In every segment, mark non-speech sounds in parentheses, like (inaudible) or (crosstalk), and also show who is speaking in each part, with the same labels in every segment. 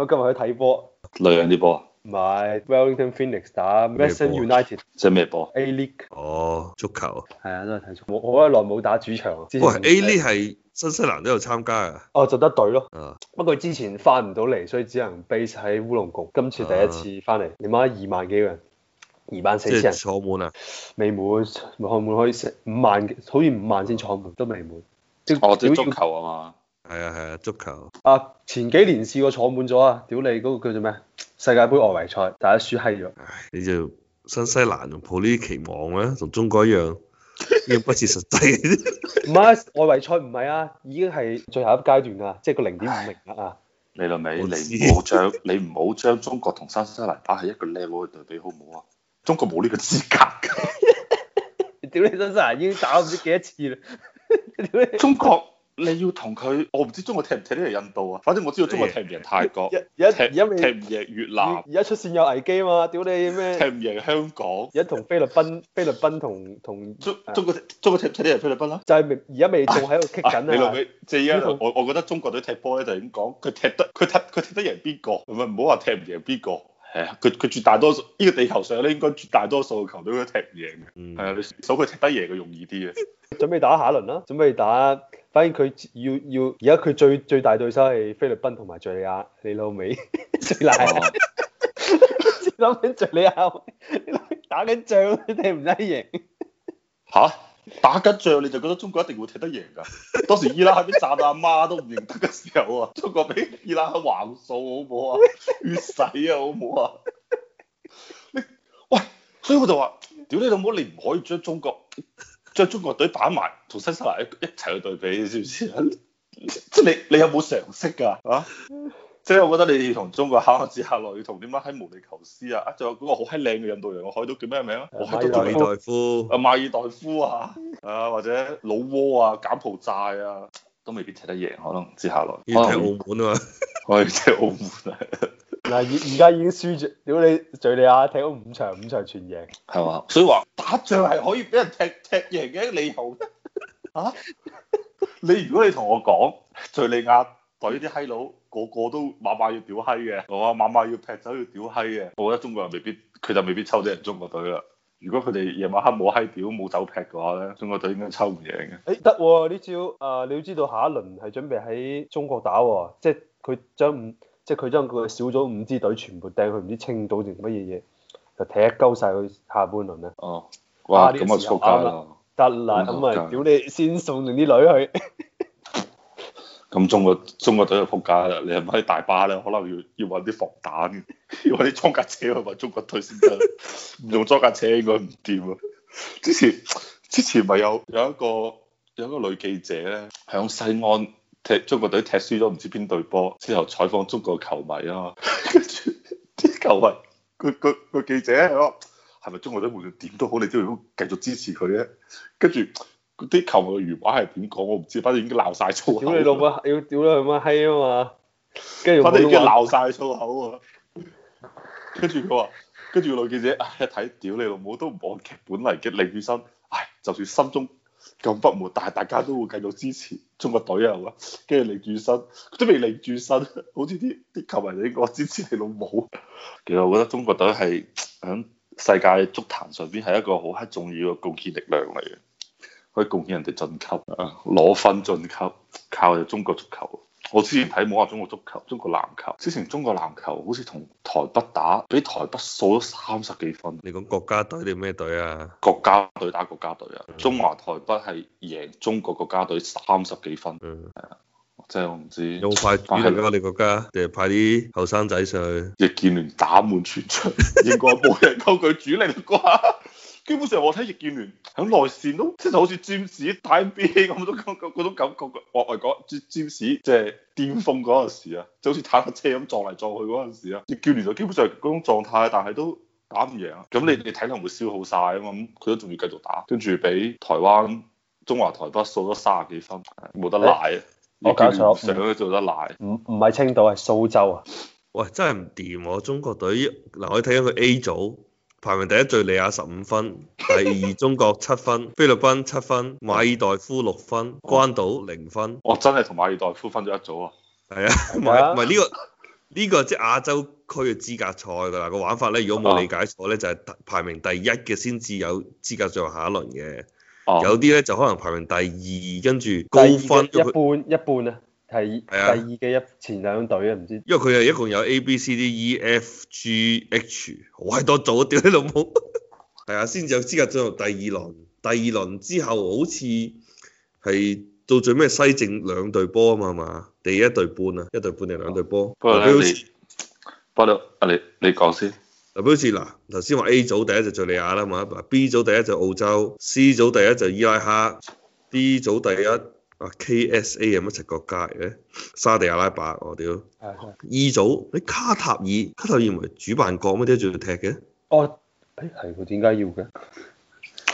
Speaker 1: 我今日去睇波，
Speaker 2: 哪樣啲波
Speaker 1: 啊？唔係 Wellington Phoenix 打 Western 球 United，即係咩波？A League
Speaker 2: 哦，足球
Speaker 1: 啊。係啊，都係睇。我我一耐冇打主場。哇，A League 係新西蘭都有參加啊，哦，就得隊咯。啊、不過之前翻唔到嚟，所以只能 base 喺烏龍崗。今次第一次翻嚟，啊、你問二萬幾個人，二萬四千人坐滿啊？未滿，可唔可以成五萬，好似五萬先坐滿，都未滿。沒沒哦，即係足球啊嘛？係啊係啊，足球啊前幾年試過坐滿咗啊，屌你嗰個叫做咩世界杯外圍賽，大家輸閪咗。你就新西蘭
Speaker 2: 仲抱呢啲期望啊，同中國一樣，要不切實際。
Speaker 1: 唔係， (laughs) 啊，外圍賽唔係啊，已經係最後一階段啦，即係個零點零啊。你老
Speaker 3: 味， (laughs) 你唔好將你唔好將中國同新西蘭打係一個靚女對比，好唔好啊？中國冇呢個資格。 (laughs) 屌你新西蘭已經打唔知幾多次啦。 (laughs) 中國。你要同佢，我唔知中國踢唔踢得贏印度啊。反正我知道中國踢唔贏泰國，而家而家未踢唔贏越南。而
Speaker 1: 家出線有危機啊嘛！屌你咩？踢唔贏香港。而家同菲律賓，菲律賓同同中國中國踢，中國踢唔贏菲律賓咯，啊。就係而家未仲喺度激緊，你話佢即係而家，我
Speaker 3: 我覺得中國隊踢波咧就係咁講，佢踢得佢踢佢踢得贏邊個？唔好話踢唔贏邊個。係啊，佢佢絕大多數呢、這個地球上咧應該絕大多數嘅球隊都踢唔贏嘅。係啊、嗯，你數佢踢得贏佢容易啲 (laughs) 啊。準備打下一輪啦，準備打。
Speaker 1: 反而佢要要，而家佢最最大對手係菲律賓同埋敘利亞，你老味，敘 (laughs) (laughs) 利亞，你諗緊敘利亞打緊
Speaker 3: 仗，你哋唔使贏。吓，打緊仗你就覺得中國一定會踢得贏噶？當時伊拉克炸到阿媽都唔認得嘅時候啊，中國俾伊拉克橫掃好唔好啊？血洗啊好唔好啊？喂，所以我就話，屌你老母，你唔可以將中國。將中國隊擺埋同新西蘭一齊去對比，你知唔知 (laughs) 即係你你有冇常識㗎？啊！ (laughs) 即係我覺得你哋同中國考、啊、下接下落要同點解喺毛里求斯啊，啊仲有嗰個好閪靚嘅印度洋嘅海島叫咩名啊？馬爾代夫啊，馬爾代夫啊，啊或者老撾啊、柬埔寨啊，啊都未必踢得贏，可能接下落可能澳門啊，可以踢澳門啊。
Speaker 1: 嗱，而家已經輸住，屌你，敍利亞踢到五場五場全贏，
Speaker 3: 係嘛？所以話打仗係可以俾人踢踢贏嘅一個理由。 (laughs) 啊？你如果你同我講敍利亞隊啲閪佬個個都馬馬要屌閪嘅，我話馬馬要劈走要屌閪嘅，我覺得中國人未必佢就未必抽到人中國隊啦。如果佢哋夜晚黑冇閪屌冇走劈嘅話咧，中國隊應該抽唔贏
Speaker 1: 嘅。誒得喎，呢招啊、呃！你要知道下一輪係準備喺中國打，即係佢將五。即係佢將佢少咗五支隊全部掟去唔知青島定乜嘢嘢，就踢鳩晒佢下半輪啦。哦，哇，咁啊撲街啦，得啦，咁咪屌你，先送定啲女去。
Speaker 3: 咁、啊、中國中國隊就撲街啦，你係咪喺大巴啦，可能要要揾啲防彈，要揾啲裝甲車去揾中國隊先得，唔 (laughs) 用裝甲車應該唔掂啊。之前之前咪有有一個有一個女記者咧，響西安。踢中國隊踢輸咗唔知邊隊波之後，採訪中國球迷啊，跟住啲球迷，個個個記者，我係咪中國隊無論點都好，你都要繼續支持佢咧？跟住啲球迷嘅原話係點講，我唔知，反正已經鬧晒粗口。屌你老母！
Speaker 1: 要屌你老母閪啊嘛！跟住，反正已經鬧
Speaker 3: 曬粗口。跟住佢話，跟住個女記者一睇，屌你老母都唔忘劇本嚟嘅，擰轉身，唉，就算心中。咁不滿，但係大家都會繼續支持中國隊啊喎，跟住擰轉身，都未擰轉身，好似啲啲球迷，你我支持你老母。其實我覺得中國隊係響世界足壇上邊係一個好黑重要嘅貢獻力量嚟嘅，可以貢獻人哋晉級啊，攞分晉級靠就中國足球。我之前睇冇話中國足球、中國籃球。之前中國籃球好似同台北打，俾台北掃咗三十幾分。你講國家隊定咩隊啊？國家隊打國家隊啊，嗯、中華台北係贏中國國家隊三十幾分。係啊、嗯嗯，即係我唔知。有，有派主力㗎，遠係
Speaker 2: 是你國家定係派啲後
Speaker 3: 生仔上去？易建聯打滿全場，應該冇人夠佢主力啩？ (laughs) 基本上我睇易建聯喺內線都即係好似占士打 NBA 咁都嗰種感覺嘅， (laughs) 我嚟講占士即係巔峰嗰陣時啊，就好似坦克車咁撞嚟撞去嗰陣時啊，易建聯就基本上嗰種狀態，但係都打唔贏。咁你你體能會消耗晒啊嘛，咁佢都仲要繼續打，跟住俾台灣中華台北掃咗卅幾分，冇得賴。我搞錯咗。上都做得賴。 (laughs)
Speaker 1: 唔唔係青島係蘇州啊？
Speaker 2: 喂，真係唔掂！我中國隊嗱，我睇下佢 A 組。排名第一敘利亞十五分，第二中國七分，菲律賓七分，馬爾代夫六分，關島零分。我真係同馬爾代夫分咗一組啊！係啊，唔係呢個呢、呢個即係亞洲區嘅資格賽噶啦，個玩法咧，如果冇理解錯咧，哦、就係排名第一嘅先至有資格進入下一輪嘅。哦、有啲咧就可能排名第二，跟住高分一
Speaker 1: 半一半啊！係係啊，第二嘅一前兩隊
Speaker 2: 啊，唔知因為佢係一共有 A B C D E F G H 好閪多組啊，屌你老母！係啊，先至有資 (laughs) 格進入第二輪。第二輪之後好似係到最屘西正兩隊波啊嘛，嘛第一隊半啊，一隊半定兩隊波。不過你
Speaker 3: 不如阿你你講先。
Speaker 2: 嗱，好似嗱，頭先話 A 組第一就敘利亞啦嘛，B 組第一就澳洲，C 組第一就伊拉克，D 組第一。啊 KSA 咁一齊國家嘅沙地阿拉伯，我屌二的、e、組你卡塔爾，卡塔爾唔係主辦國咩？點解仲要踢嘅？哦，誒、哎、係，佢點解要嘅？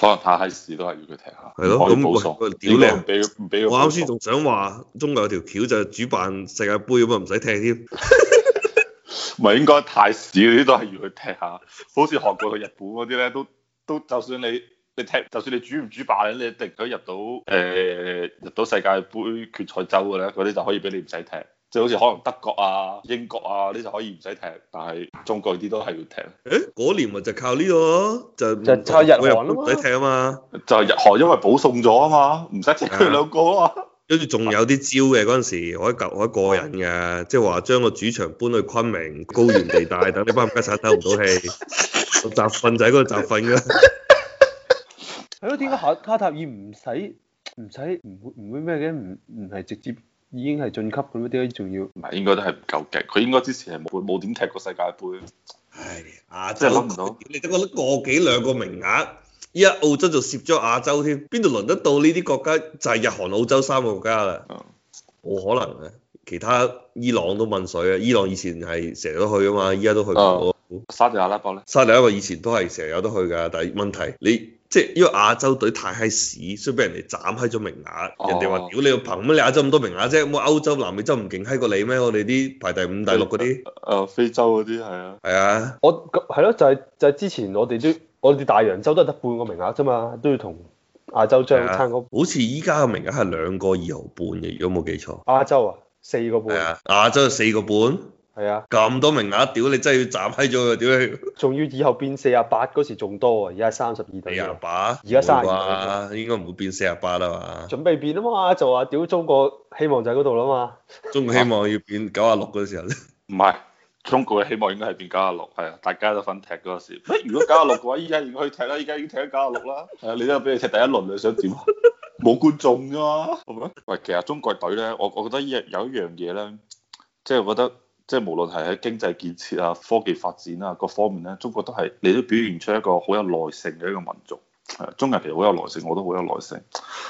Speaker 3: 可能太屎都係要佢踢下，的可以補上、那個。屌你，俾俾我啱
Speaker 2: 先仲想話中國有條橋就係主辦世界杯咁啊，唔使踢添。
Speaker 3: 唔 (laughs) 係應該太屎嗰啲都係要佢踢下，好似韓國去日本嗰啲咧，都都就算你。你踢就算你主唔主辦你一定可以入到誒、欸、入到世界杯決賽周嘅咧，嗰啲就可以俾你唔使踢。即係好似可能德國啊、英國啊，你就可以唔使踢，但係中國啲都係要踢。誒、欸，嗰年咪就靠呢個，就日就靠日去韓咯。唔使踢啊嘛，嘛就係日韓因為保送咗啊嘛，唔使踢佢兩個啊嘛。
Speaker 2: 跟住仲有啲招嘅嗰陣時，我一舊我一個人嘅，即係話將個主場搬去昆明高原地帶，等你班唔家晒唞唔到氣，集訓仔喺嗰度集訓噶
Speaker 1: 係咯？點解卡卡塔爾唔使唔使唔唔會咩嘅？唔唔係直接已經係晉級咁？點解仲要
Speaker 3: 唔係應該都係唔夠勁？佢應該之前係冇冇點踢過世界盃。唉亞洲，諗唔到。你覺得嗰啲個幾兩個名額，依
Speaker 2: 家澳洲就攝咗亞洲添，邊度輪得到呢啲國家？就係、是、日韓、澳洲三個國家啦。冇、嗯、可能嘅，其他伊朗都問水嘅。伊朗以前係成日都去啊嘛，依家都去唔到、嗯、沙特阿拉伯咧？沙特阿拉伯以前都係成日有得去㗎，但係問題你。即係因為亞洲隊太閪屎，所以俾人哋斬閪咗名額。哦、人哋話：屌你，憑乜你亞洲咁多名額啫？冇歐洲、南美洲唔勁閪過你咩？我哋啲排第五、第六嗰啲，誒
Speaker 1: 非洲嗰啲係啊，係啊。我係咯、啊，就係、係、就係、係、之前我哋都，我哋大洋洲都係得半個名額啫嘛，都要同亞洲爭嗰、啊。
Speaker 2: 好似依家嘅名額係兩個二毫半嘅，如果冇記錯。
Speaker 1: 亞洲啊，四個半。啊，
Speaker 2: 亞洲四個半。
Speaker 1: 係啊，咁多名額、啊，屌你真係要斬開咗佢，屌你！仲要以後變四啊八嗰時仲多啊，而家三十二隊，四啊八，而家三十二，應該唔會變四啊八啊嘛。準備變啊嘛，就話屌中國希望就喺嗰度啦嘛。
Speaker 3: 中國希望要變九啊六嗰時。唔係、啊，中國嘅希望應該係變九啊六，係啊，大家都分踢嗰時。 (laughs) 如果九啊六嘅話，依家如果去踢啦，依家已經踢咗九啊六啦。係啊， (laughs) (laughs) 你都俾佢踢第一輪，你想點？冇 (laughs) 觀眾啫，係其實中國隊咧，我我覺得有有一樣嘢咧，即、就、係、是、覺得。即係無論係喺經濟建設啊、科技發展啊，各方面咧，中國都係你都表現出一個好有耐性嘅一個民族。中國人其實好有耐性，我都好有耐性。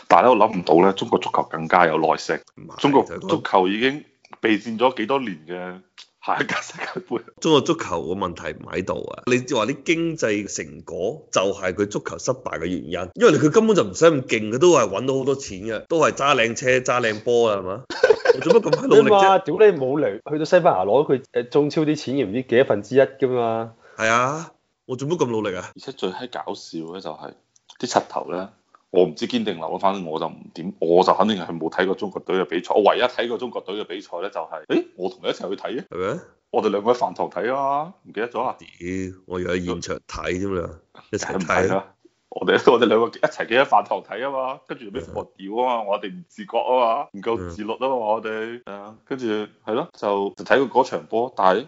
Speaker 3: 但係咧，我諗唔到咧，中國足球更加有耐性。是中國足球已經備戰咗幾多年嘅下一屆世
Speaker 2: 界杯。中國足球嘅問題唔喺度啊！你話啲經濟成果就係佢足球失敗嘅原因，因為佢根本就唔使咁勁，佢都係搵到好多錢嘅，都係揸靚車、揸靚波啊，係嘛？ (laughs) 做乜咁努力啊？
Speaker 1: 屌你冇嚟去到西班牙攞佢誒中超啲錢，唔知幾百分之一噶嘛？係啊，我做乜咁努力啊？而且最閪搞笑
Speaker 3: 咧、就是，就係啲柒頭咧，我唔知堅定流啦，反正我就唔點，我就肯定係冇睇過中國隊嘅比賽。我唯一睇過中國隊嘅比賽咧，就係誒，我同你一齊去睇啊。係咪？我哋兩個喺飯堂睇啊，唔記得咗啊？咦，我仲喺現場睇添啦，一齊睇、啊。我哋我哋兩個一齊企喺飯堂睇啊嘛，跟住俾我屌啊嘛，我哋唔自覺啊嘛，唔夠自律啊嘛，的我哋啊，跟住係咯，就就睇過嗰場波，但係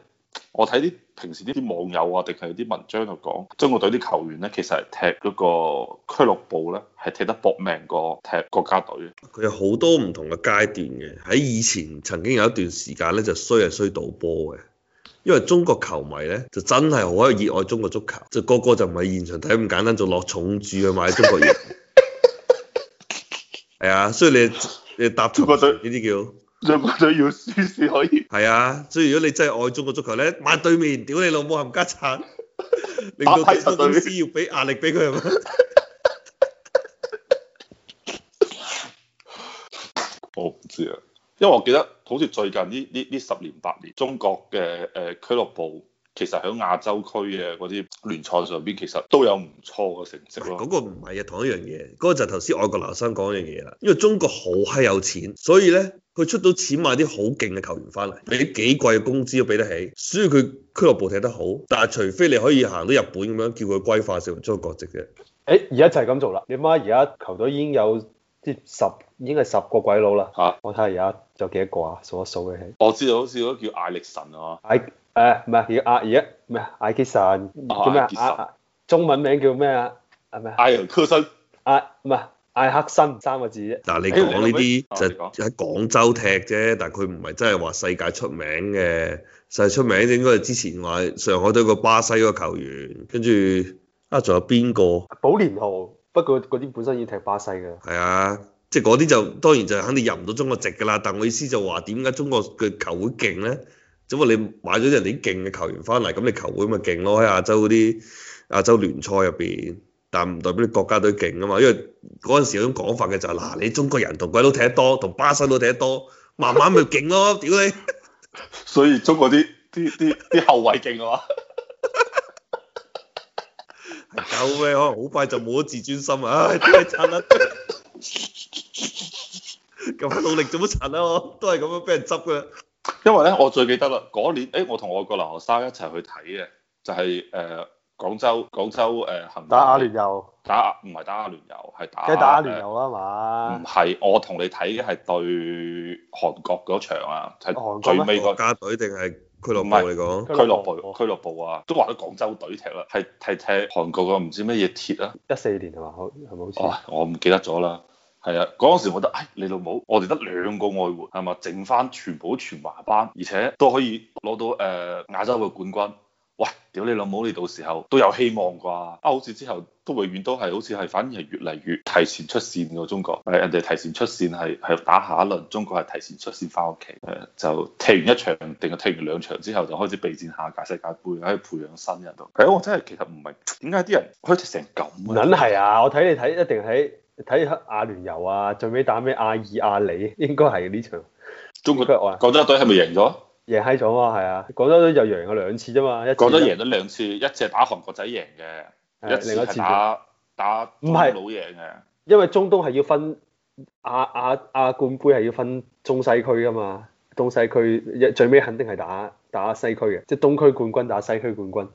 Speaker 3: 我睇啲平時啲網友啊，定係啲文章就講，中國隊啲球員咧，其實係踢嗰個俱樂部咧，係踢得搏命過踢國家隊。
Speaker 2: 佢有好多唔同嘅階段嘅，喺以前曾經有一段時間咧，就衰係衰賭波嘅。因為中國球迷咧就真係好有熱愛中國足球，就個個就唔係現場睇咁簡單，就落重注去買中國嘢。係啊，所以你你搭中國隊呢啲叫？中國隊要輸先可以。係啊，所以如果你真係愛中國足球咧，買對面，屌你老母冚家鏟，令到對方公司要俾壓力俾佢係咪？我唔
Speaker 1: 知啊，因
Speaker 3: 為我記得。好似最近呢呢呢十年八年，中國嘅誒俱樂部其實喺亞洲區嘅嗰啲聯賽上邊，其實都有唔錯嘅成績。嗰個唔係啊，
Speaker 2: 同一樣嘢，嗰個就係頭先外國留學生講一樣嘢啦。因為中國好閪有錢，所以咧佢出到錢買啲好勁嘅球員翻嚟，俾啲幾貴嘅工資都俾得起，所以佢俱樂部踢得好。但係除非你可以行到日本咁樣，叫佢歸化成為中國籍嘅。誒，
Speaker 1: 而家就係咁做啦。你諗而家球隊已經有啲十。已經係十個鬼佬啦，吓我睇下而家有幾多個啊？數一數嘅。
Speaker 3: 我知道好似叫艾力神
Speaker 1: 啊，艾誒唔係叫阿而家咩？艾基森叫咩？阿中文名叫咩啊？阿咩？艾克森，艾唔係艾克森三個字啫。嗱，你講呢啲就
Speaker 2: 喺廣州踢啫，但係佢唔係真係話世界出名嘅，世界出名應該係之前話上海都有個巴西個球員，跟住啊仲有邊個？
Speaker 1: 保蓮豪，不過嗰啲本身已經踢巴西嘅。
Speaker 2: 係啊。即係嗰啲就當然就肯定入唔到中國籍噶啦，但我意思就話點解中國嘅球會勁咧？咁啊，你買咗人哋啲勁嘅球員翻嚟，咁你球會咪勁咯？喺亞洲嗰啲亞洲聯賽入邊，但唔代表你國家隊勁啊嘛。因為嗰陣時有種講法嘅就係、是、嗱，你中國人同鬼佬踢得多，同巴西佬踢得多，慢慢咪勁咯，屌你！所以中國啲啲啲
Speaker 3: 啲後衛勁啊
Speaker 2: 嘛，夠 (laughs) 咩？可能好
Speaker 3: 快就冇咗自尊心啊！真真啊！咁努力做乜柒啊？我都係咁樣俾人執嘅。因為咧，我最記得啦，嗰年誒，我同外國留學生一齊去睇嘅，就係誒、呃、廣州廣州誒。打，打亞聯遊。打唔係打亞聯遊，係打。梗係打亞聯遊啦嘛。唔係，我同你睇嘅係對韓國嗰場啊，係最尾個國家隊定係俱樂部嚟講？俱樂部，俱樂部啊，都話咗廣州隊踢啦，係係踢韓國嘅唔知乜嘢鐵啊、oh, 了了。一四年係嘛？好係咪好似？我唔記得咗啦。係啊，嗰陣時我覺得，哎，你老母，我哋得兩個外援，係嘛，剩翻全部全華班，而且都可以攞到誒、呃、亞洲嘅冠軍。喂，屌你老母，你到時候都有希望啩？啊，好似之後都永遠都係好似係，反而係越嚟越提前出線喎。中國人哋提前出線係係打下一輪，中國係提前出線翻屋企，就踢完一場定係踢完兩場之後就開始備戰下屆世界盃，喺度培養新人度。誒、哎，我真係其實唔明點解啲人可以踢成咁啊！
Speaker 1: 梗係啊，我睇你睇一定睇。睇下阿聯酋啊，最尾打咩亞爾亞里應該係呢場。中國，國中隊是是啊？廣州隊係咪贏咗？贏閪咗啊，係啊！廣州隊就贏咗兩次啫嘛，一次。廣州贏咗
Speaker 3: 兩次，一隻打韓國仔贏嘅，一隻打打打老嘢
Speaker 1: 嘅。因為中東係要分亞亞亞冠杯係要分中西區噶嘛，東西區最尾肯定係打打西區嘅，即、就、係、是、東區冠軍打西區冠軍。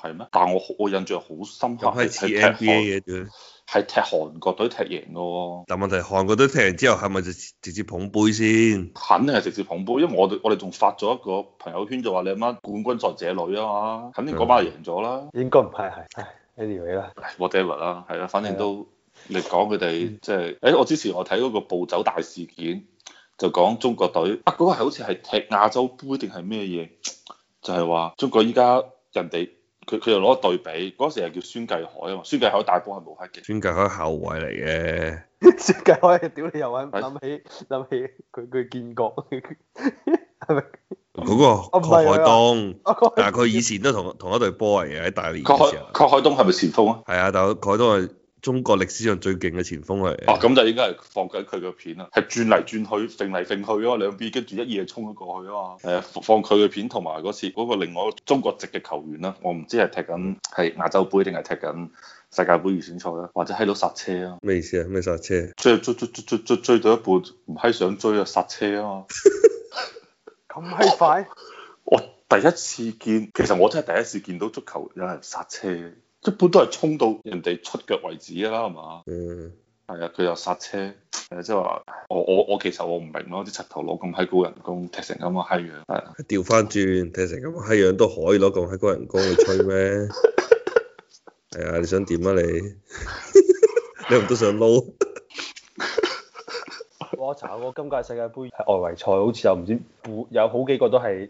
Speaker 1: 係咩？
Speaker 3: 但係我我印象好深刻，似 NBA 嘅啫。係踢韓國隊踢贏㗎喎，但問
Speaker 2: 題韓國隊踢完之後係咪就直接捧
Speaker 1: 杯
Speaker 3: 先？肯定係直接捧杯，因為我我哋仲發咗一個朋友圈就話你乜冠軍在這裏啊嘛，肯定嗰班係贏咗啦。
Speaker 1: 應該唔係係，Anyway 啦
Speaker 3: ，Whatever 啦，係啦、啊，反正都、啊、你講佢哋即係，誒、就是欸、我之前我睇嗰個暴走大事件就講中國隊，嗰、啊那個係好似係踢亞洲杯定係咩嘢，就係、是、話中國依家人哋。佢佢又攞對比，嗰時係叫孫繼海啊嘛，
Speaker 2: 孫繼海大波係冇黑嘅。孫
Speaker 1: 繼海後衞嚟嘅。孫繼海，屌你又揾
Speaker 3: 諗起諗
Speaker 1: 起佢佢見過係
Speaker 2: 咪？嗰 (laughs) 是、嗰個郭海東，但係佢以前都同同一隊波嚟嘅喺大連嘅時候。郭海，
Speaker 3: 郭海東係咪前鋒
Speaker 2: 啊？係啊，但係郭海東係。中國歷史上最勁嘅前鋒嚟、啊。哦咁就
Speaker 3: 應該係放緊佢嘅片啊，係轉嚟轉去，揈嚟揈去啊兩邊，跟住一嘢衝咗過去啊嘛。誒、呃，放佢嘅片同埋嗰次嗰個另外中國籍嘅球員啦，我唔知係踢緊係亞洲杯定係踢緊世界盃預選賽啦，或者喺度煞車啊？咩意思啊？咩煞車？追追追追追追追到一半唔閪想追殺啊，煞車啊嘛！
Speaker 1: 咁閪快！
Speaker 3: 我第一次見，其實我真係第一次見到足球有人煞車。一般都係衝到人哋出腳為止噶啦，係嘛？嗯，係啊，佢又剎車，誒，即係話我我我其實我唔明咯，啲柒頭佬咁閪高人工踢成咁個閪樣，係
Speaker 2: 啊，調翻轉踢成咁個閪樣都可以攞咁閪高人工去吹咩？係 (laughs) 啊，你想點啊你？
Speaker 1: 你唔都想撈？ (laughs) 查我查過今屆世界杯係外圍賽，好似又唔知有好幾個都係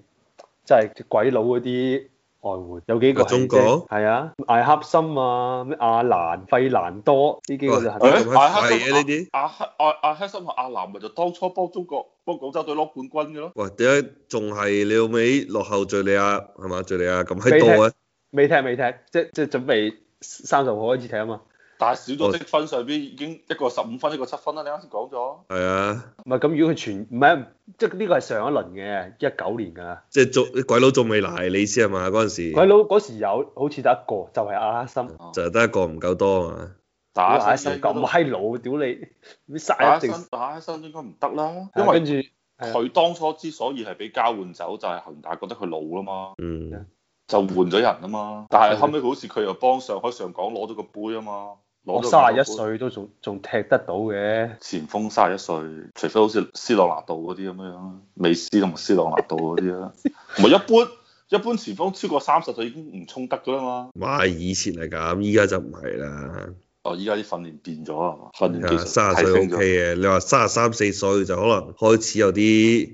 Speaker 1: 即係鬼佬嗰啲。外援有幾個喺中國？係啊，艾克森啊，咩阿蘭、費蘭多呢幾個就係咁閪多嘅。呢
Speaker 3: 啲阿阿艾克森同阿蘭咪就當初幫中國幫廣州隊攞冠軍嘅咯。
Speaker 2: 喂，點解仲係你老尾落後敍利亞係
Speaker 1: 嘛？敍利亞咁閪多啊？未踢未踢，踢，即即準備三十號開始踢啊嘛。
Speaker 3: 但係少咗積分上邊已經一個十五分一個七分
Speaker 1: 啦！你啱先講咗。係啊。唔係咁，如果佢全唔係，即係呢個係上一輪嘅一九年㗎。即係仲鬼佬仲未嚟，你意思係嘛？嗰陣時。鬼佬嗰時，時有好似得一個，就係、是、艾克森，啊、就係得一個唔夠多啊嘛。
Speaker 3: 打艾克森咁閪老，屌你！打艾克森，打艾克森應該唔得啦。因為佢、啊啊、當初之所以係俾交換走，就係恒大覺得佢老啦嘛。嗯。就換咗人啊嘛。嗯、但係後尾好似佢又幫上海上港攞咗個杯啊嘛。我三十一歲都仲仲踢得到嘅，前鋒三十一歲，除非好似斯諾納道嗰啲咁樣樣，美斯同埋斯諾納道嗰啲啦。唔係 (laughs) 一般，一般前鋒超過三十歲已經唔衝得噶啦嘛。唔係以前係咁，依家就唔係啦。哦，依家啲訓練變咗啊？
Speaker 2: 訓練其實提升咗。卅歲 OK 嘅了，你話卅三四歲就可能
Speaker 1: 開始有啲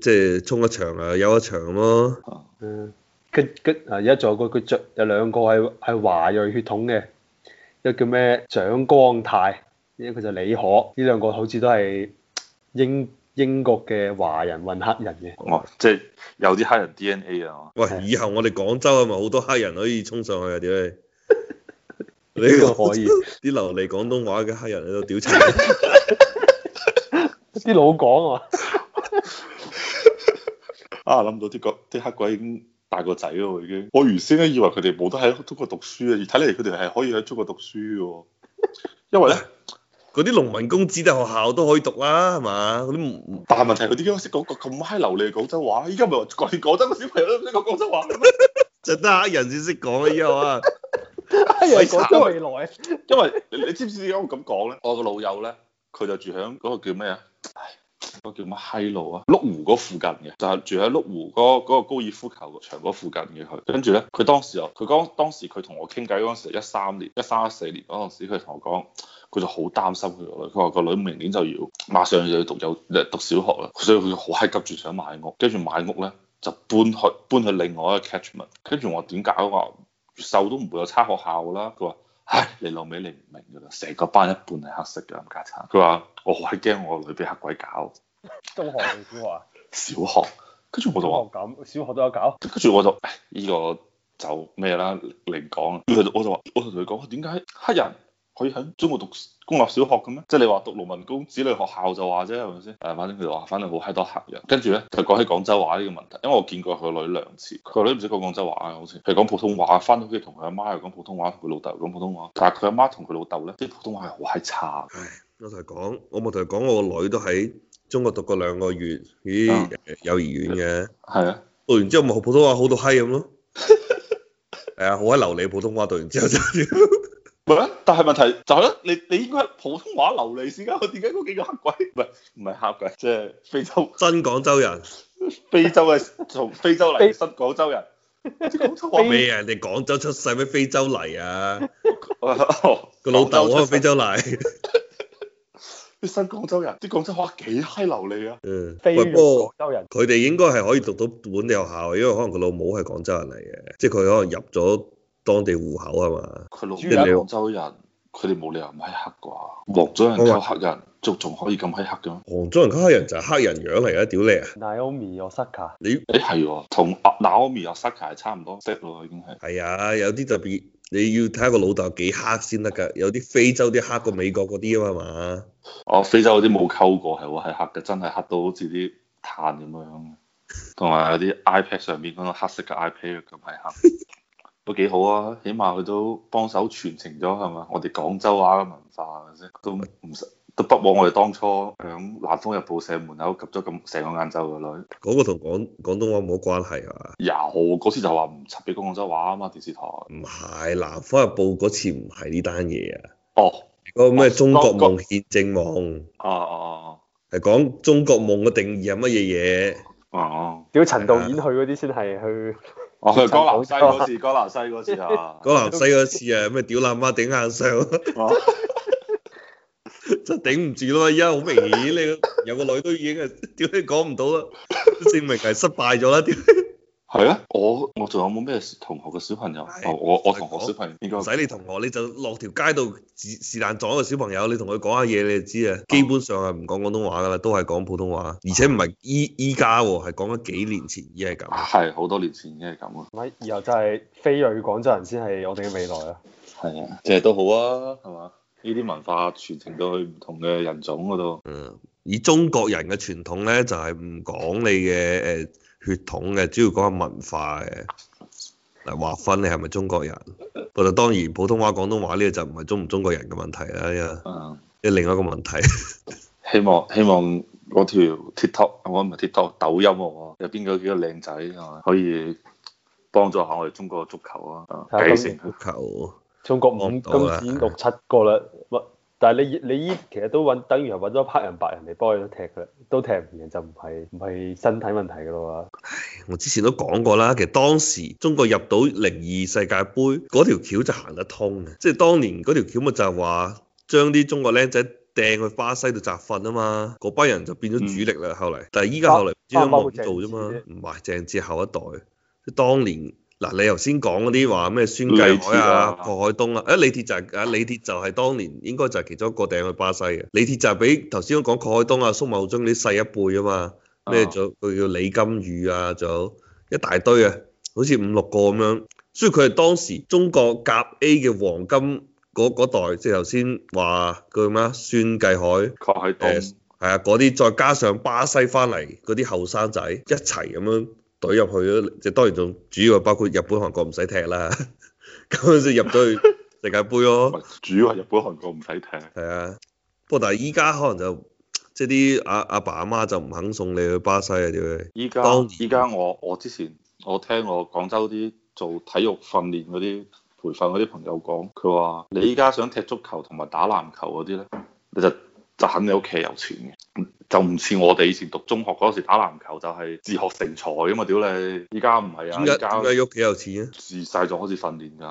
Speaker 1: 即係衝一場啊，休一場咁咯。嗯，佢啊，而家仲有個佢着有兩個係係華裔血統嘅。叫咩？蔣光泰，依家佢就李可，呢兩個好似都係英英國嘅華人混黑人嘅。哦，
Speaker 3: 即係有啲黑人 DNA 啊喂，是以
Speaker 2: 後我哋廣州係咪好多黑人可以衝上去啊？點你？
Speaker 3: 呢 (laughs) 個可以，
Speaker 2: 啲 (laughs) 流利廣東話嘅黑人喺度屌柒。
Speaker 1: 啲老廣啊！
Speaker 3: (laughs) 啊，諗到啲鬼，啲黑鬼咁。大個仔咯，已經。我原先咧以為佢哋冇得喺中國讀書嘅，而睇嚟佢哋係可以喺中國讀書嘅。因為咧，嗰啲農民工子弟學校都可以讀啦、啊，係嘛？啲大問題，佢哋點解識講咁嗨流利嘅廣州話？依家咪話連廣州
Speaker 1: 嘅小朋友都識講廣
Speaker 3: 州話咩？就得人先識講啦，依家。阿人廣
Speaker 1: 州未來，
Speaker 3: 因為你知唔知點解我咁講咧？我個老友咧，佢就住喺嗰個叫咩啊？嗰個叫乜閪路啊？麓湖嗰附近嘅，就係住喺麓湖嗰個高爾夫球場嗰附近嘅佢。跟住咧，佢當時啊，佢講當時佢同我傾偈嗰陣時，一三年、一三一四年嗰陣時，佢同我講，佢就好擔心佢個女。佢話個女明年就要馬上就要讀又讀小學啦，所以佢好閪急住想買屋。跟住買屋咧，就搬去搬去另外一個 Catchment。跟住我話點解啊？我話越秀都唔會有差學校㗎啦。佢話。唉，你老味你唔明噶啦，成個班一半係黑色嘅。冚家鏟。佢話：我好鬼驚我女俾黑鬼搞。
Speaker 1: 中學定小學啊？
Speaker 3: 小學，跟住我就話：
Speaker 1: 咁小學都有搞。跟
Speaker 3: 住我就，呢個就咩啦嚟講。跟住我就話，我同佢講點解黑人，可以喺中國讀公立小學嘅咩？即係你話讀農民工子女學校就話啫，係咪先？誒，反正佢哋話，反正好閪多客人。跟住咧，就是，講起廣州話呢個問題，因為我見過佢個女兩次，佢個女唔識講廣州話啊，好似佢講普通話。翻到去同佢阿媽又講普通話，同佢老豆講普通話。但係佢阿媽同佢老豆咧，啲普通話係好閪差。
Speaker 2: 我同佢講，我冇同佢講，我個女都喺中國讀過兩個月咦，幼兒園嘅，係啊，讀完之後咪學普通話好到閪咁咯，
Speaker 3: 係啊， (laughs) 好閪流利普通話，讀完之後就。 (laughs) 但係問題就係咧，你你應該普通話流利先㗎，啊，我點解嗰幾個黑鬼？唔係唔係黑鬼，即係非洲新廣州人，非洲嘅從非洲嚟新廣州人。我未啊，
Speaker 2: 人哋廣州出世咩？非洲嚟啊！個老豆可能非洲嚟。
Speaker 3: 啲新廣州人，啲廣州話幾閪流利啊！
Speaker 2: 非洲人，嗯，不過佢哋應該係可以讀到本地學校，因為可能佢老母係廣州人嚟嘅，即係佢可能入咗。當地戶口啊嘛，佢老闆係廣州人，佢
Speaker 3: 哋冇理由唔係黑啩，黃種人溝黑人仲仲、嗯、可以咁閪黑嘅咩？黃種人溝黑人就係
Speaker 2: 黑人樣嚟啊！屌你啊
Speaker 3: ！Naomi Osaka，你誒係同、欸、Naomi Osaka 係差唔多色咯，已經
Speaker 2: 係。係啊，有啲特別，你要睇下個老豆幾黑先得㗎。有啲
Speaker 3: 非洲啲黑過美國嗰啲啊嘛。哦，我非洲嗰啲冇溝過係，我係黑嘅，真係黑到好似啲碳咁樣，同埋有啲 iPad 上面嗰個黑色嘅 iPad 咁係黑，黑。 (laughs) 都幾好啊，起碼佢都幫手傳承咗係嘛？我哋廣州話嘅文化係咪先？都唔都不枉我哋當初響南方日報社門口及咗咁成個晏晝嘅女。
Speaker 2: 嗰個同廣廣東話冇關係啊？
Speaker 3: 有，嗰次就話唔插俾廣州話啊嘛，電視台。唔
Speaker 2: 係南方日報嗰次，唔係呢單嘢啊。哦。個咩中國夢憲政夢。哦哦哦，係講中國夢嘅定義係乜嘢嘢？哦。屌陳導演
Speaker 1: 去嗰啲先係去。
Speaker 3: 哦，江南西嗰次，江
Speaker 2: 南西嗰次啊，江南西嗰次啊，咩屌喇媽，頂硬上，真頂唔住咯。依家好明顯，你有個女都已經啊，屌你講唔到啦，證明係失敗咗啦，屌！
Speaker 3: 係啊，我我仲有冇咩同學嘅小朋友啊？我我同學小朋
Speaker 2: 友，唔使的你同學的你就落條街度是是但撞一個小朋友，你同佢講下嘢你就知啊。哦、基本上係唔講廣東話噶啦，都係講普通話，啊、而且唔係依依家喎，係講緊幾年前已經係咁。係好多年前已經係咁啊。
Speaker 1: 唔係，然後就係非裔廣州人先係我哋嘅未來啊。
Speaker 3: 係啊，即係都好啊，係嘛？呢啲文化傳承到去唔同嘅人種嗰度。嗯，以中國人嘅傳
Speaker 2: 統咧，就係唔講你嘅誒。呃血統嘅，主要講下文化嘅，嚟劃分你係咪中國人，咁就當然普通話、廣東話呢個就唔係中唔中國人
Speaker 3: 嘅問題啦，呢個，呢另外一個問題。嗯 (laughs) 希，希望希望嗰條 TikTok 我唔係 TikTok 抖音啊，有邊個幾個靚仔啊，可以幫助下我哋中國嘅足球啊，提升足
Speaker 1: 球。啊、中國五，今次六七個啦，但係你你依其實都揾，等於係揾咗批人白人嚟幫佢都踢嘅啦，都踢
Speaker 2: 唔贏就唔係唔係身
Speaker 1: 體問題嘅咯喎。
Speaker 2: 我之前都講過啦，其實當時中國入到零二世界盃嗰條橋就行得通嘅，即係當年嗰條橋咪就係話將啲中國僆仔掟去巴西度集訓啊嘛，嗰班人就變咗主力啦、嗯、後嚟。但係依家後嚟只因冇做啫嘛，唔係，淨係之後一代。即當年。嗱，你頭先講嗰啲話咩？孫繼海啊，啊郝海東啊，誒李鐵就係、是、誒李鐵就係當年應該就係其中一個掟去巴西嘅。李鐵就係比頭先講郝海東啊、蘇茂忠啲細一輩啊嘛，咩仲佢叫李金羽啊，仲有一大堆啊，好似五六個咁樣。所以佢係當時中國甲 A 嘅黃金嗰代，即係頭先話個咩孫繼海、郝海東，係、呃、啊嗰啲，再加上巴西翻嚟嗰啲後生仔一齊咁樣。懟入去咯，即係當然仲主要係包括日本、韓國唔使踢啦，咁先入到去世界盃咯。 (laughs) 主要係日本、韓國唔使踢。係啊，不過但係依家可能就即係啲阿阿爸阿媽就唔肯送你去巴西啊，點解在？
Speaker 3: 依家依家我我之前我聽我廣州啲做體育訓練嗰啲培訓嗰啲朋友講，佢話你依家想踢足球同埋打籃球嗰啲咧，你就就肯你屋企有錢嘅。就唔似我哋以前讀中學嗰時打籃球，就係自學成才啊嘛！屌你，依家唔係啊，依家喺屋企有錢啊，自細就開始訓練㗎，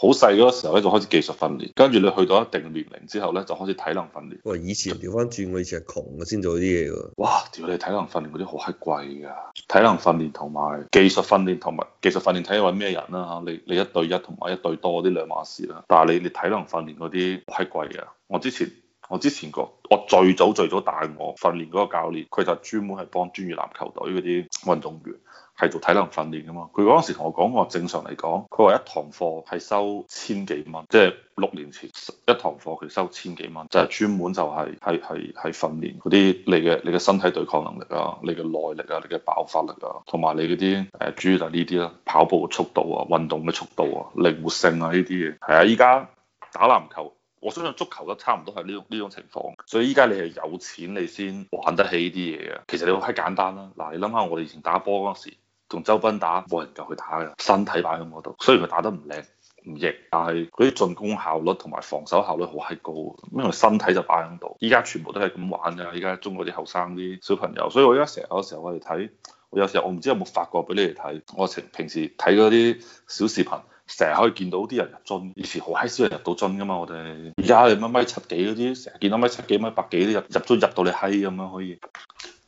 Speaker 3: 好細嗰個時候咧就開始技術訓練，跟住你去到一定年齡之後咧就開始體能訓練。哇！以前調翻轉，我以前係窮嘅先做啲嘢嘅喎。哇！屌你體，體能訓練嗰啲好閪貴㗎，體能訓練同埋技術訓練同埋技術訓練睇、啊、你揾咩人啦你你一對一同埋一對多啲兩碼事啦、啊。但係你你體能訓練嗰啲好閪貴㗎，我之前。我之前個我最早最早帶我訓練嗰個教練，佢就專門係幫專業籃球隊嗰啲運動員係做體能訓練噶嘛。佢嗰陣時同我講，我正常嚟講，佢話一堂課係收千幾蚊，即係六年前一堂課佢收千幾蚊，就係專門就係係係係訓練嗰啲你嘅你嘅身體對抗能力啊，你嘅耐力啊，你嘅爆發力啊，同埋你嗰啲誒主要就係呢啲啦，跑步嘅速度啊，運動嘅速度啊，靈活性啊呢啲嘢。係啊，依家打籃球。我相信足球都差唔多係呢種呢種情況，所以依家你係有錢你先玩得起呢啲嘢嘅。其實你好閪簡單啦，嗱，你諗下我哋以前打波嗰陣時，同周斌打冇人夠佢打嘅，身體擺喺嗰度。雖然佢打得唔靚唔勁，但係佢啲進攻效率同埋防守效率好閪高，因為身體就擺喺度。依家全部都係咁玩嘅，依家中國啲後生啲小朋友，所以我而家成日有時候我哋睇，我有時候我唔知有冇發過俾你哋睇，我平時睇嗰啲小視頻。成日可以見到啲人入樽，以前好閪少人入到樽噶嘛，我哋而家你乜米七幾嗰啲，成日見到米七幾米八幾都入入樽入到你閪咁樣可以。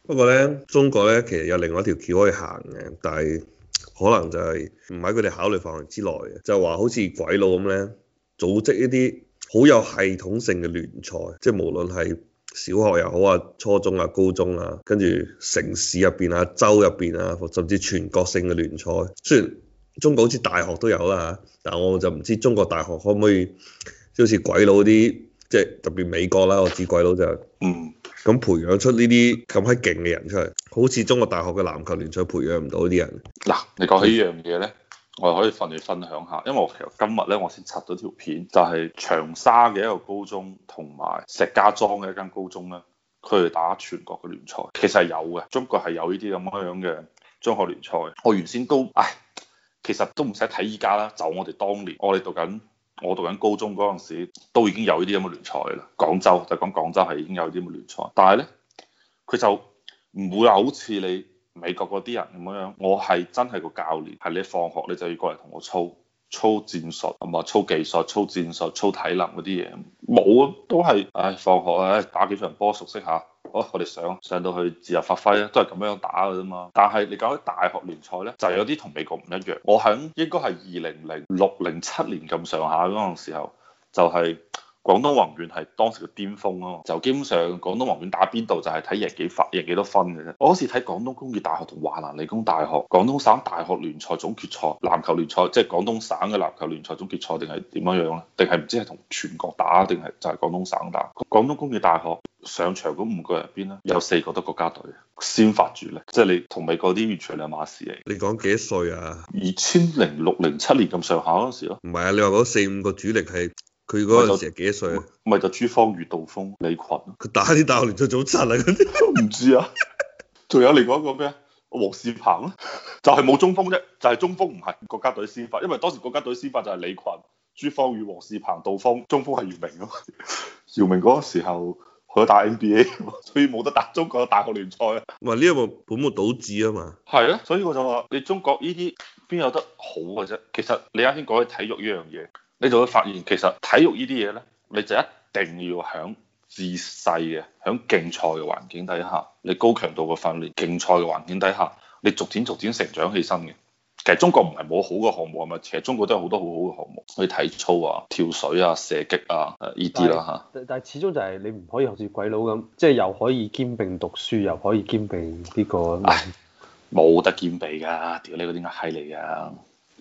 Speaker 2: 不過咧，中國咧其實有另外一條橋可以行嘅，但係可能就係唔喺佢哋考慮範圍之內嘅，就係話好似鬼佬咁咧，組織一啲好有系統性嘅聯賽，即係無論係小學又好啊、初中啊、高中啊，跟住城市入邊啊、州入邊啊，甚至全國性嘅聯賽，雖然。中國好似大學都有啦，但我就唔知中國大學可唔可以，即好似鬼佬啲，即係特別美國啦，我知鬼佬就係，嗯，咁培養出呢啲咁閪勁嘅人出嚟，好似中國大學嘅籃球聯賽培養唔到呢啲人。嗱，你講起呢樣
Speaker 3: 嘢咧，我就可以分嚟分享下，因為我其實今日咧，我先插咗條片，就係長沙嘅一個高中同埋石家莊嘅一間高中咧，佢哋打全國嘅聯賽，其實係有嘅，中國係有呢啲咁樣樣嘅中學聯賽。我原先都唉。其實都唔使睇依家啦，就我哋當年，我哋讀緊，我讀緊高中嗰陣時，都已經有呢啲咁嘅聯賽啦。廣州就講廣州係已經有啲咁嘅聯賽，但係呢，佢就唔會有好似你美國嗰啲人咁樣。我係真係個教練，係你放學你就要過嚟同我操操戰術，係嘛？操技術、操戰術、操體能嗰啲嘢，冇啊，都係唉放學唉打幾場波熟悉下。哦，我哋上上到去自由發揮咧，都係咁樣打嘅啫嘛。但係你講啲大學聯賽咧，就有啲同美國唔一樣。我喺應該係二零零六零七年咁上下嗰個時候，就係、是。廣東宏遠係當時嘅巔峰啊，就基本上廣東宏遠打邊度就係睇贏幾分贏幾多分嘅啫。我好似睇廣東工業大學同華南理工大學廣東省大學聯賽總決賽籃球聯賽，即係廣東省嘅籃球聯賽總決賽定係點樣樣咧？定係唔知係同全國打定係就係廣東省打？廣東工業大學上場嗰五個人入邊咧，有四個都國家隊，先發住咧，即係你同美國啲完全兩碼事嚟。
Speaker 2: 你講幾多歲啊？二千零六零七年咁上下嗰時咯。唔係啊，你話嗰四五個主力係。佢嗰個時候幾多歲？
Speaker 3: 唔係就朱芳雨、杜鋒、李群，佢打
Speaker 2: 啲大學聯賽早晨啊，嗰啲都
Speaker 3: 唔知啊。仲有另外一個咩？王仕鵬， (laughs) 就係、是、冇中鋒啫，就係中鋒唔係國家隊先發，因為當時國家隊先發就係李群、朱芳雨、王仕鵬、杜鋒，中鋒係姚明咯。姚 (laughs) 明嗰個時候去打 NBA， (laughs) 所以冇得打中國嘅大學聯賽。唔係呢一個本末倒置啊嘛。係啊，所以我就話你中國呢啲邊有得好嘅啫。其實你啱先講起體育呢樣嘢。你就會發現，其實體育呢啲嘢咧，你就一定要喺自細嘅喺競賽嘅環境底下，你高強度嘅訓練，競賽嘅環境底下，你逐漸逐漸成長起身嘅。其實中國唔係冇好嘅項目啊嘛，其實中國都有好多好好嘅項目，好似體操啊、跳水啊、射擊啊，呢啲啦嚇。
Speaker 1: 但係始終就係你唔可以好似鬼佬咁，即係又可以兼並讀書，又可以兼
Speaker 3: 並呢個。唉，冇得兼並㗎，屌你嗰啲壓閪嚟㗎。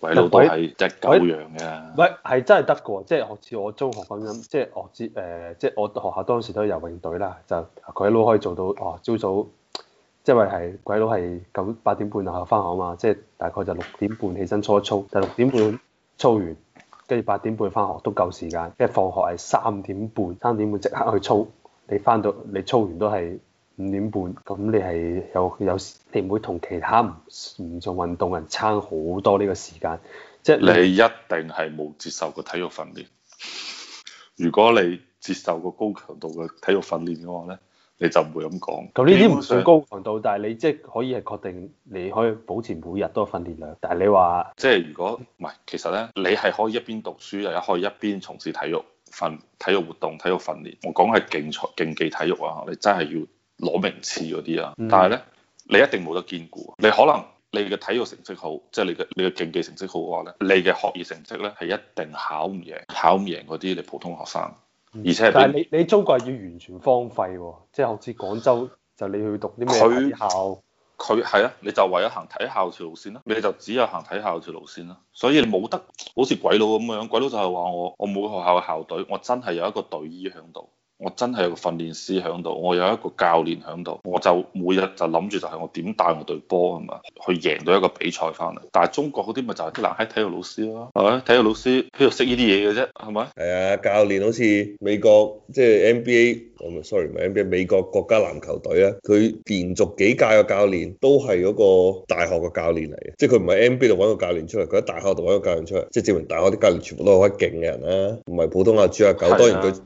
Speaker 3: 鬼佬鬼 都係、啊、鬼
Speaker 1: 鬼 隻狗樣嘅，唔係真係得嘅，即係學似我中學咁樣，即係學接誒，即、呃、係、就是、我學校當時都係游泳隊啦，就鬼佬可以做到哦，朝早即係話係鬼佬係九八點半下翻學啊嘛，即、就、係、是、大概就六點半起身操一操，但、就是、六點半操完，跟住八點半翻學都夠時間，即係放學係三點半，三點半即刻去操，你翻到你操完都係。五點半咁，你係有有時你唔會同其他唔唔做運動人差好多呢個時間，
Speaker 3: 即係你，你一定係冇接受過體育訓練。如果你接受過高強度嘅體育訓練嘅話咧，你就唔會咁講。咁呢啲唔算高強
Speaker 1: 度，但係你即係可以係確定你可以保持每日都有訓練量。但
Speaker 3: 係你話即係如果唔係，其實咧，你係可以一邊讀書又可以一邊從事體育訓體育活動、體育訓練。我講係競賽競技體育啊，你真係要。攞名次嗰啲啊，但係咧，你一定冇得兼顧。你可能你嘅體育成績好，即係你嘅你嘅競技成績好嘅話咧，你嘅學業成績咧係一定考唔贏，考唔贏嗰啲你普通學生。而且，嗯，但係你
Speaker 1: 你中國要完全荒廢喎，即係好似廣州就你去讀啲咩學
Speaker 3: 校，佢係啊，你就為咗行體校條路線啦，你就只有行體校條路線啦，所以你冇得好似鬼佬咁樣，鬼佬就係話我我每個學校嘅校隊，我真係有一個隊醫喺度。我真係有個訓練師喺度，我有一個教練喺度，我就每日就諗住就係我點帶我隊波啊嘛，去贏到一個比賽返嚟。但係中國嗰啲咪就係啲懶閪體育老師咯，係咪？體育老師邊度識呢啲嘢嘅啫，
Speaker 2: 係咪？係啊，教練好似美國即係 NBA，咁啊，sorry，唔係 NBA，美國國家籃球隊啊，
Speaker 3: 佢連續
Speaker 2: 幾屆嘅教練都係嗰個大學嘅教練嚟嘅，即係佢唔係 NBA 度揾個教練出嚟，佢喺大學度揾個教練出嚟，即係證明大學啲教練全部都好閪勁嘅人啦，唔係普通阿豬阿狗，當然佢。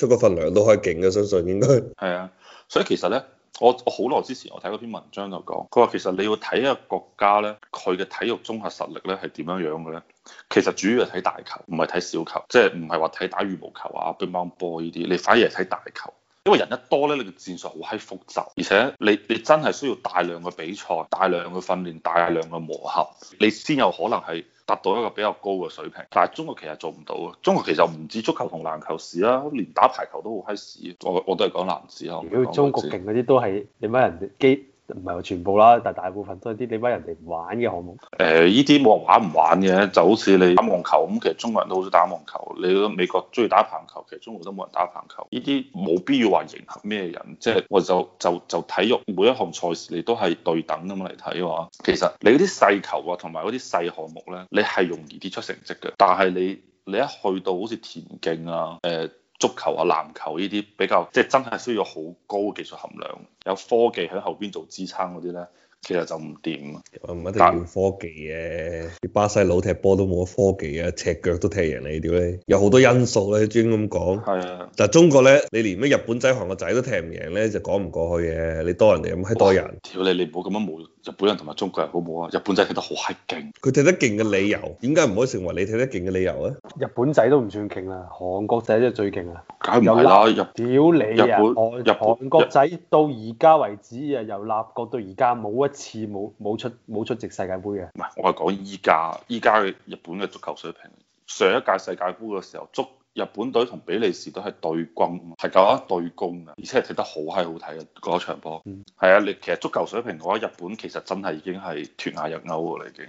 Speaker 2: 出個份量都可以勁嘅，相信應該
Speaker 3: 係啊。所以其實咧，我我好耐之前我睇嗰篇文章就講，佢話其實你要睇一個國家咧，佢嘅體育綜合實力咧係點樣樣嘅咧？其實主要係睇大球，唔係睇小球，即係唔係話睇打羽毛球啊、乒乓波呢啲，你反而係睇大球，因為人一多咧，你嘅戰術好閪複雜，而且你你真係需要大量嘅比賽、大量嘅訓練、大量嘅磨合，你先有可能係。達到一個比較高嘅水平，但係中國其實做唔到啊。中國其實唔止足球同籃球事啦、啊，連打排球都好閪事。我我都係講男子啊，如果中國勁
Speaker 1: 嗰啲都係你乜人基？唔係話全部啦，但大部分都係啲你班人哋唔玩嘅項目。
Speaker 3: 誒、呃，依啲冇人玩唔玩嘅，就好似你打網球咁，其實中國人都好少打網球。你美國中意打棒球，其實中國都冇人打棒球。呢啲冇必要話迎合咩人，即係我就就就體育每一項賽事你都係對等咁嚟睇嘅話，其實你嗰啲細球啊同埋嗰啲細項目呢，你係容易跌出成績嘅。但係你你一去到好似田徑啊誒。呃足球、啊籃球呢啲比較即係、就是、真係需要好高技術含量，有科技喺後邊做支撐嗰啲咧。其實就唔掂啊！唔但一定要
Speaker 2: 科技嘅、啊，啲巴西佬踢波都冇乜科技啊，赤腳都踢贏你屌你！你有好多因素咧，專咁講。係啊。係係但係中國咧，你連咩日本仔、韓國仔都踢唔贏咧，就講唔過去嘅、啊。你多人嚟咁閪多人。
Speaker 3: 屌你！你唔好咁樣侮辱日本人同埋中國人好唔好啊？日本仔踢得好閪勁，
Speaker 2: 佢踢得勁嘅理由，
Speaker 1: 點解唔可以成為你踢得勁嘅理由啊？日本仔都唔算勁啊，韓國仔即係最勁啊。搞唔係屌你日本韓國仔到而家為止啊，由立國到而家冇一。一次冇冇出冇出席世界杯嘅，唔係
Speaker 3: 我係講依家依家嘅日本嘅足球水平。上一屆世界盃嘅時候，足日本隊同比利時都係對攻，係講一對攻嘅，而且係踢得好係好睇嘅嗰場波。嗯，係啊，你其實足球水平，我覺得日本其實真係已經係脫亞入歐嘅。你已經。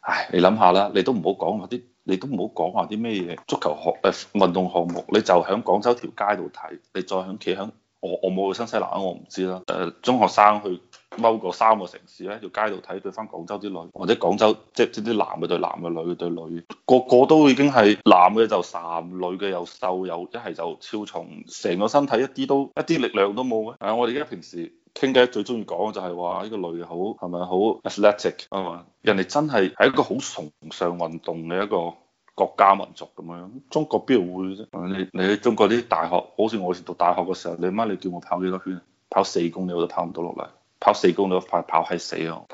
Speaker 3: 唉，你諗下啦，你都唔好講話啲，你都唔好講話啲咩嘢足球項誒運動項目，你就喺廣州條街度睇，你再喺企喺我我冇去新西蘭，我唔知啦。誒、呃，中學生去。踎過三個城市咧，條街度睇對翻廣州啲女，或者廣州即係即啲男嘅對男嘅，女嘅對女，個個都已經係男嘅就孱，女嘅又瘦又一係就超重，成個身體一啲都一啲力量都冇嘅。誒，我哋而家平時傾偈最中意講嘅就係話呢個女好係咪好 athletic 啊嘛？人哋真係係一個好崇尚運動嘅一個國家民族咁樣，中國邊會啫？你你喺中國啲大學，好似我以前讀大學嘅時候，你媽你叫我跑幾多圈？跑四公里我都跑唔到落嚟。跑四公里快跑閪死哦，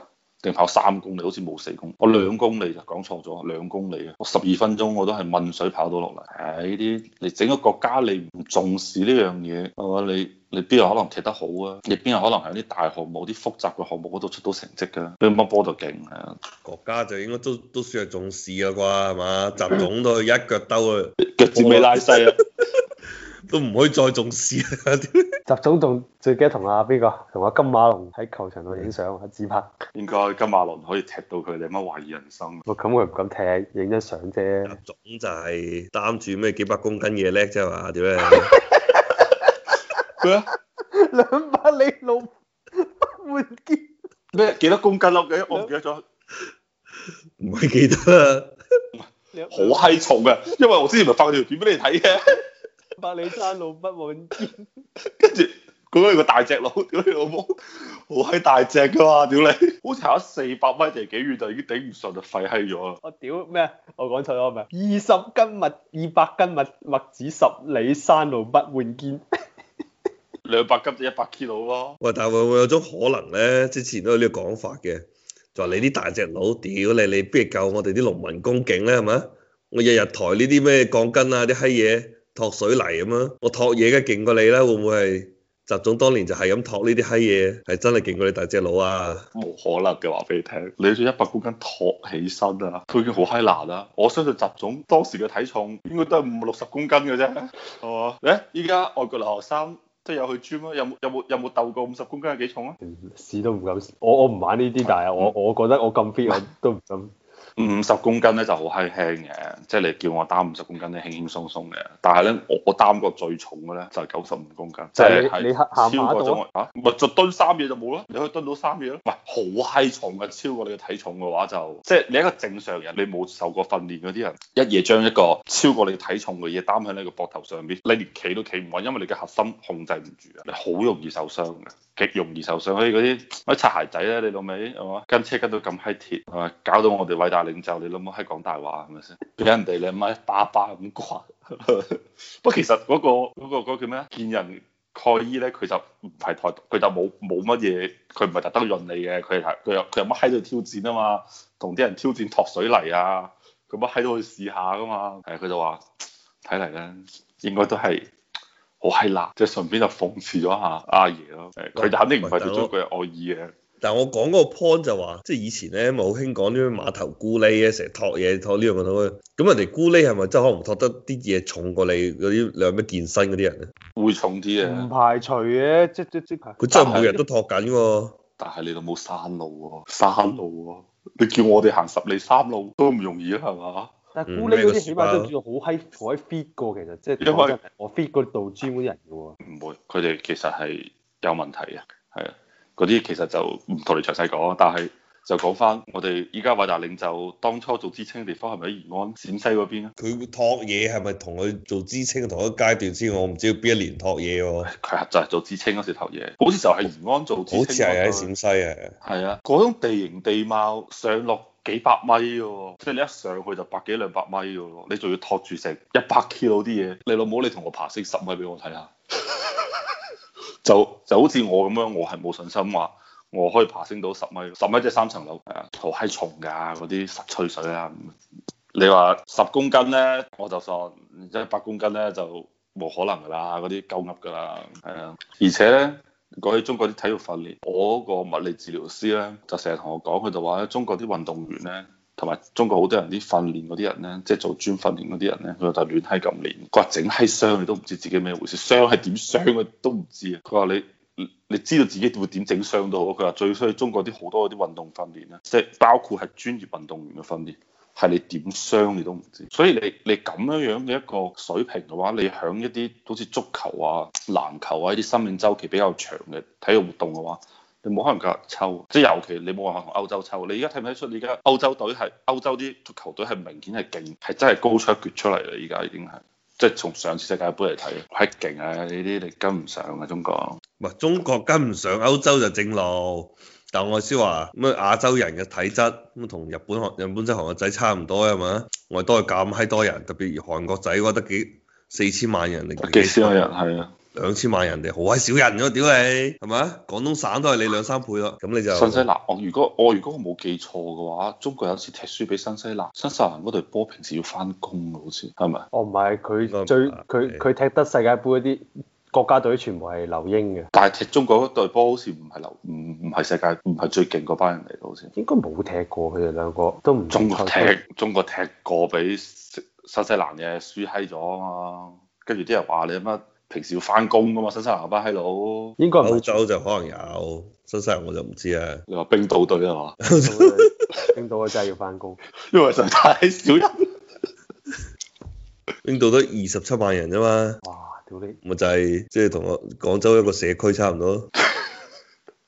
Speaker 3: 定跑三公，公里，好似冇四公里。我兩公里就講錯咗，兩公里啊，我十二分鐘我都係問水跑到落嚟。喺呢啲，你整個國家你唔重視呢樣嘢，我話你，你邊有可能踢得好啊？你邊有可能喺啲大項目、啲複雜嘅項目嗰度出到成績噶？你乜波就勁啊！
Speaker 2: 國家就應該都都算係重視啊啩，係嘛？習總都一腳兜 (laughs) 腳啊，腳趾未拉細啊！
Speaker 1: 都唔可以再重視啦！ (laughs) 習總仲最驚同阿邊個同阿金馬龍喺球場度影相自
Speaker 3: 拍，應該金馬龍可以踢到佢哋乜懷疑人生、
Speaker 1: 啊。哇、嗯！咁佢唔敢踢，
Speaker 2: 影張相啫。習總就係擔住咩幾百公斤嘢叻啫嘛？點咧？
Speaker 1: 佢啊，兩百里路不換肩
Speaker 3: 咩？幾 (laughs) (laughs) 多公斤咯？我唔記得咗，唔 (laughs) 會記得啦。好 (laughs) 閪 (laughs) (laughs) 重啊！因為我之前咪發過條片俾你睇嘅。 (laughs)
Speaker 1: 百里山路不換肩 (laughs) ，
Speaker 3: 跟住講起個大隻佬，屌老母，好閪大隻噶嘛，屌你好，好似行四百米定幾遠就已經頂唔順，就廢閪咗啦。我
Speaker 1: 屌咩？我講錯咗係咪？二十斤麥，二百斤麥麥子十里山路不換肩，
Speaker 3: 兩百斤就一百 kilo 咯。
Speaker 1: 喂， (laughs) 但係會唔會有種可能咧？
Speaker 2: 之前都有呢個講法嘅，就話你啲大隻佬，屌你，你，你不如夠我哋啲農民工勁咧？係咪我日日抬呢啲咩鋼筋啊啲閪嘢。托水泥咁啊，我托嘢梗勁過你啦，會唔會係習總當年就係咁托呢啲閪嘢，係真係勁過你大隻
Speaker 3: 佬啊？冇可能嘅話俾你聽，你要一百公斤托起身啊，佢已經好閪難啦。我相信習總當時嘅體重應該都係五六十公斤嘅啫，係嘛？你依家外國留學生即係有去 gym 啊？有冇有冇有冇斗過五十公斤係幾重啊？試都
Speaker 1: 唔敢試，我我唔玩呢啲，但係我、嗯、我覺得我咁 fit、嗯、我都唔敢。
Speaker 3: 五十公斤咧就好閪輕嘅，即係你叫我擔五十公斤咧輕輕鬆鬆嘅。但係咧，我我擔過最重嘅咧就係九十五公斤，即係你你行行下到嚇，唔係就蹲三嘢就冇啦，你可以蹲到三嘢咯。唔係，好閪重嘅，超過你嘅體重嘅話就，即係你一個正常人，你冇受過訓練嗰啲人，一夜將一個超過你體重嘅嘢擔喺你個膊頭上邊，你連企都企唔穩，因為你嘅核心控制唔住啊，你好容易受傷嘅。極容易受傷，所以嗰啲乜擦鞋仔咧，你老味係嘛？跟車跟到咁閪鐵，係咪？搞到我哋偉大領袖，你老母閪講大話係咪先？俾人哋你咧，唔係一巴一巴咁摑。不過其實嗰個嗰個嗰個嗰個叫咩？見人蓋伊咧，佢就唔係抬，佢就冇冇乜嘢。佢唔係特登潤你嘅，佢係佢又，佢又乜閪都要挑戰啊嘛。同啲人挑戰托水泥啊，咁乜喺度去試下㗎嘛。係佢就話，睇嚟咧應該都係。我係啦，即係順便就諷刺咗下阿爺咯。佢、嗯、肯定唔係對張桂愛意嘅
Speaker 2: 我。但係我講嗰個 point 就話，即係以前咧咪好興講啲咩碼頭咕喱？成日托嘢托呢樣個咁，人哋咕喱係咪真係可能托得啲嘢重過你嗰啲兩咩健身嗰啲人咧？
Speaker 3: 會重啲啊！唔
Speaker 1: 排除嘅、啊，即即即係佢真係每日都托緊
Speaker 3: 喎。但係你度冇山路喎、啊，山路喎、啊，你叫我哋行十里山路都唔容易啊，係嘛？但係孤嗰啲，起碼都做
Speaker 1: 到好閪坐喺 fit 個，啊、其實即係我 fit 個度 join 啲人嘅
Speaker 3: 喎、哦為。唔會，佢哋其實係有問題嘅，係啊，嗰啲其實就唔同你詳細講，但係就講翻我哋依家偉大領袖當初做知青嘅地方係咪喺延
Speaker 2: 安、陝西嗰邊啊？佢託嘢係咪同佢做知青同一階段先？我唔知邊一年託嘢喎。
Speaker 3: 佢就係做知青嗰、啊、時託嘢，
Speaker 2: 好似就係延
Speaker 3: 安做知青。好似係喺陝西啊。係啊，嗰種地形地貌上落。幾百米喎、啊，即係你一上去就百幾兩百米喎、啊，你仲要托住成一百 kilo 啲嘢，你老母你同我爬升十米俾我睇下， (laughs) 就就好似我咁樣，我係冇信心話我可以爬升到十米，十米即係三層樓，係啊，都閪重㗎，嗰啲濕碎水啊，你話十公斤咧我就信，一百公斤咧就冇可能㗎啦，嗰啲夠噏㗎啦，係啊，而且呢。講起中國啲體育訓練，我個物理治療師咧就成日同我講，佢就話咧中國啲運動員咧，同埋中國好多人啲訓練嗰啲人咧，即係做專訓練嗰啲人咧，佢就亂閪咁練，佢話整閪傷你都唔知自己咩回事，傷係點傷佢都唔知啊，佢話你，你知道自己會點整傷都好，佢話最衰中國啲好多嗰啲運動訓練咧，即係包括係專業運動員嘅訓練。係你點傷你都唔知，所以你你咁樣樣嘅一個水平嘅話，你喺一啲好似足球啊、籃球啊呢啲生命周期比較長嘅體育活動嘅話，你冇可能夠抽，即係尤其你冇話同歐洲抽。你而家睇唔睇出？你而家歐洲隊係歐洲啲足球隊係明顯係勁，係真係高出一橛出嚟啦！而家已經係，即係從上次世界盃嚟睇，係勁啊！呢啲你跟唔上啊，中國。
Speaker 2: 唔係中國跟唔上歐洲就正路。但我先話咩亞洲人嘅體質咁同日本韓日本即係韓國仔差唔多嘅係咪我哋多咁閪多人，特別韓國仔，我覺得幾四千萬人嚟嘅。幾少人係啊？兩千萬人哋好鬼少人咯，屌你係咪啊？廣東省都係你兩三倍咯，咁你
Speaker 1: 就新西蘭。
Speaker 3: 我如果我如果我冇記錯嘅話，中國有次踢輸俾新西蘭，新西蘭嗰隊波平時要翻工嘅，好似係咪？哦唔係，佢最
Speaker 1: 佢佢踢得世界盃嗰啲。國家隊全部係留英嘅，
Speaker 3: 但係踢中國一隊波好似唔係留唔唔係世界唔係最勁嗰班人嚟到先，應該冇踢過佢哋兩個都唔中國踢中國踢過俾新西蘭嘅輸嗨咗啊嘛，跟住啲人話你乜平時要翻工噶嘛新西蘭班閪佬，
Speaker 2: 應該歐洲就可能有新西蘭我就唔知啦、
Speaker 1: 啊。你話冰島隊係嘛？ (laughs) 冰島嘅真係要翻工，
Speaker 2: 因為實在係少人， (laughs) 冰島都二十七萬人咋嘛？屌，咪就係即係同我廣州一個社區差唔多 (laughs)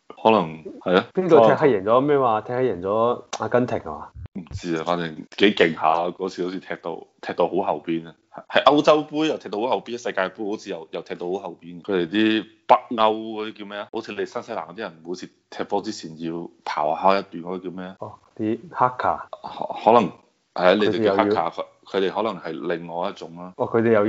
Speaker 2: 可，
Speaker 3: 可能
Speaker 2: 係
Speaker 1: 啊。邊個踢黑贏咗咩話？踢黑贏咗阿根廷啊。嘛？
Speaker 3: 唔知啊，反正幾勁下。嗰次好似踢到踢到好後邊啊，係歐洲杯又踢到好後邊，世界盃好似又又踢到好後邊。佢哋啲北歐嗰啲叫咩啊？好似你新西蘭嗰啲人，每次踢波之前要咆哮一段嗰啲、那個、叫咩？哦，啲黑卡。可能。
Speaker 1: 係啊，你哋叫黑卡，
Speaker 3: 佢哋可能係另外一種咯。哦，佢哋又要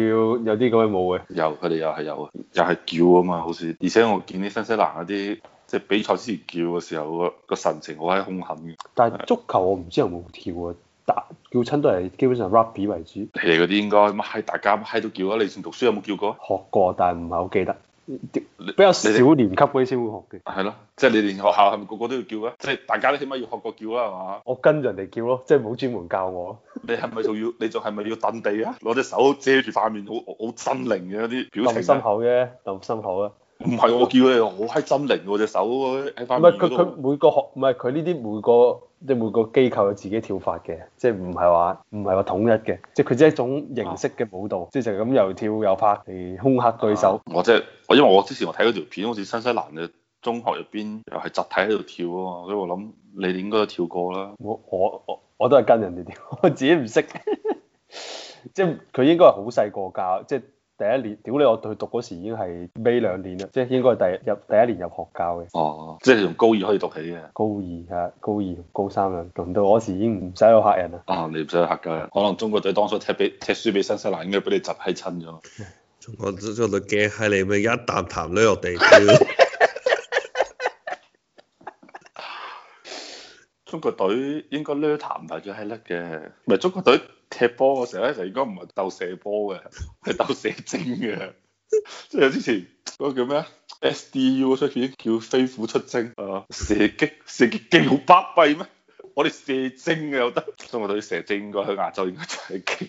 Speaker 3: 有啲咁嘅舞嘅。有，佢哋又係有，又係叫啊嘛，好似。而且我見啲新西蘭嗰啲即係比賽之前叫嘅時候個個神情好閪兇狠嘅。
Speaker 1: 但係足球我唔知有冇跳啊，打叫親都係基本上 rugby 為主。
Speaker 3: 你哋嗰啲應該乜閪大家閪都叫啊！你以前讀書有冇叫過？學過，
Speaker 1: 但係唔係好記得。比較少年級嗰啲先會學嘅，
Speaker 3: 係咯，即係、就是、你連學校係咪個個都要叫啊？即、就、係、是、大家都起碼要學過叫啦，係嘛？我
Speaker 1: 跟人哋叫咯，即係冇
Speaker 3: 專門教我。 (laughs) 你係咪仲要？你仲係咪要蹲地啊？攞隻手遮住塊面，好好猙獰嘅嗰啲表情。咁深厚嘅，咁深厚啊？唔係我叫你，我好閪猙獰喎，隻手喺面。唔係佢佢
Speaker 1: 每個學，唔係佢呢啲每個即係每個機構有自己跳法嘅，即係唔係話唔係話統一嘅，即係佢只係一種形式嘅舞蹈，即係、嗯、就咁又跳又拍嚟空吓對手。
Speaker 3: 啊、我即係。因為我之前我睇嗰條片，好似新西蘭嘅中學入邊又係集體喺度跳啊嘛，所以我諗你應該都跳過啦。
Speaker 1: 我我我都係跟人哋跳，我自己唔識。 (laughs) 即係佢應該係好細個教，即係第一年，屌你！我佢讀嗰時已經係尾兩年啦，即係應該係第入第一年入學教嘅。
Speaker 3: 哦，即係從高二可以讀起
Speaker 1: 嘅。高二啊，高二高三啊，輪到我時已經唔使去
Speaker 3: 客人啦。啊，你唔使有客人，可能中國隊當初踢俾踢輸俾新西蘭，應該俾你集體親咗。我隻隻都驚
Speaker 2: 喺你咪一啖痰，攞落地。中
Speaker 3: 國隊應該攞啖唔係最閪叻嘅。唔係中國隊踢波嘅時候咧就應該唔係鬥射波嘅，係鬥射精嘅。即係之前嗰個叫咩啊？SDU 出片叫飛虎出征啊！射擊射擊幾好巴閉咩？我哋射精嘅有得，中國隊射精應該喺亞洲應該最勁。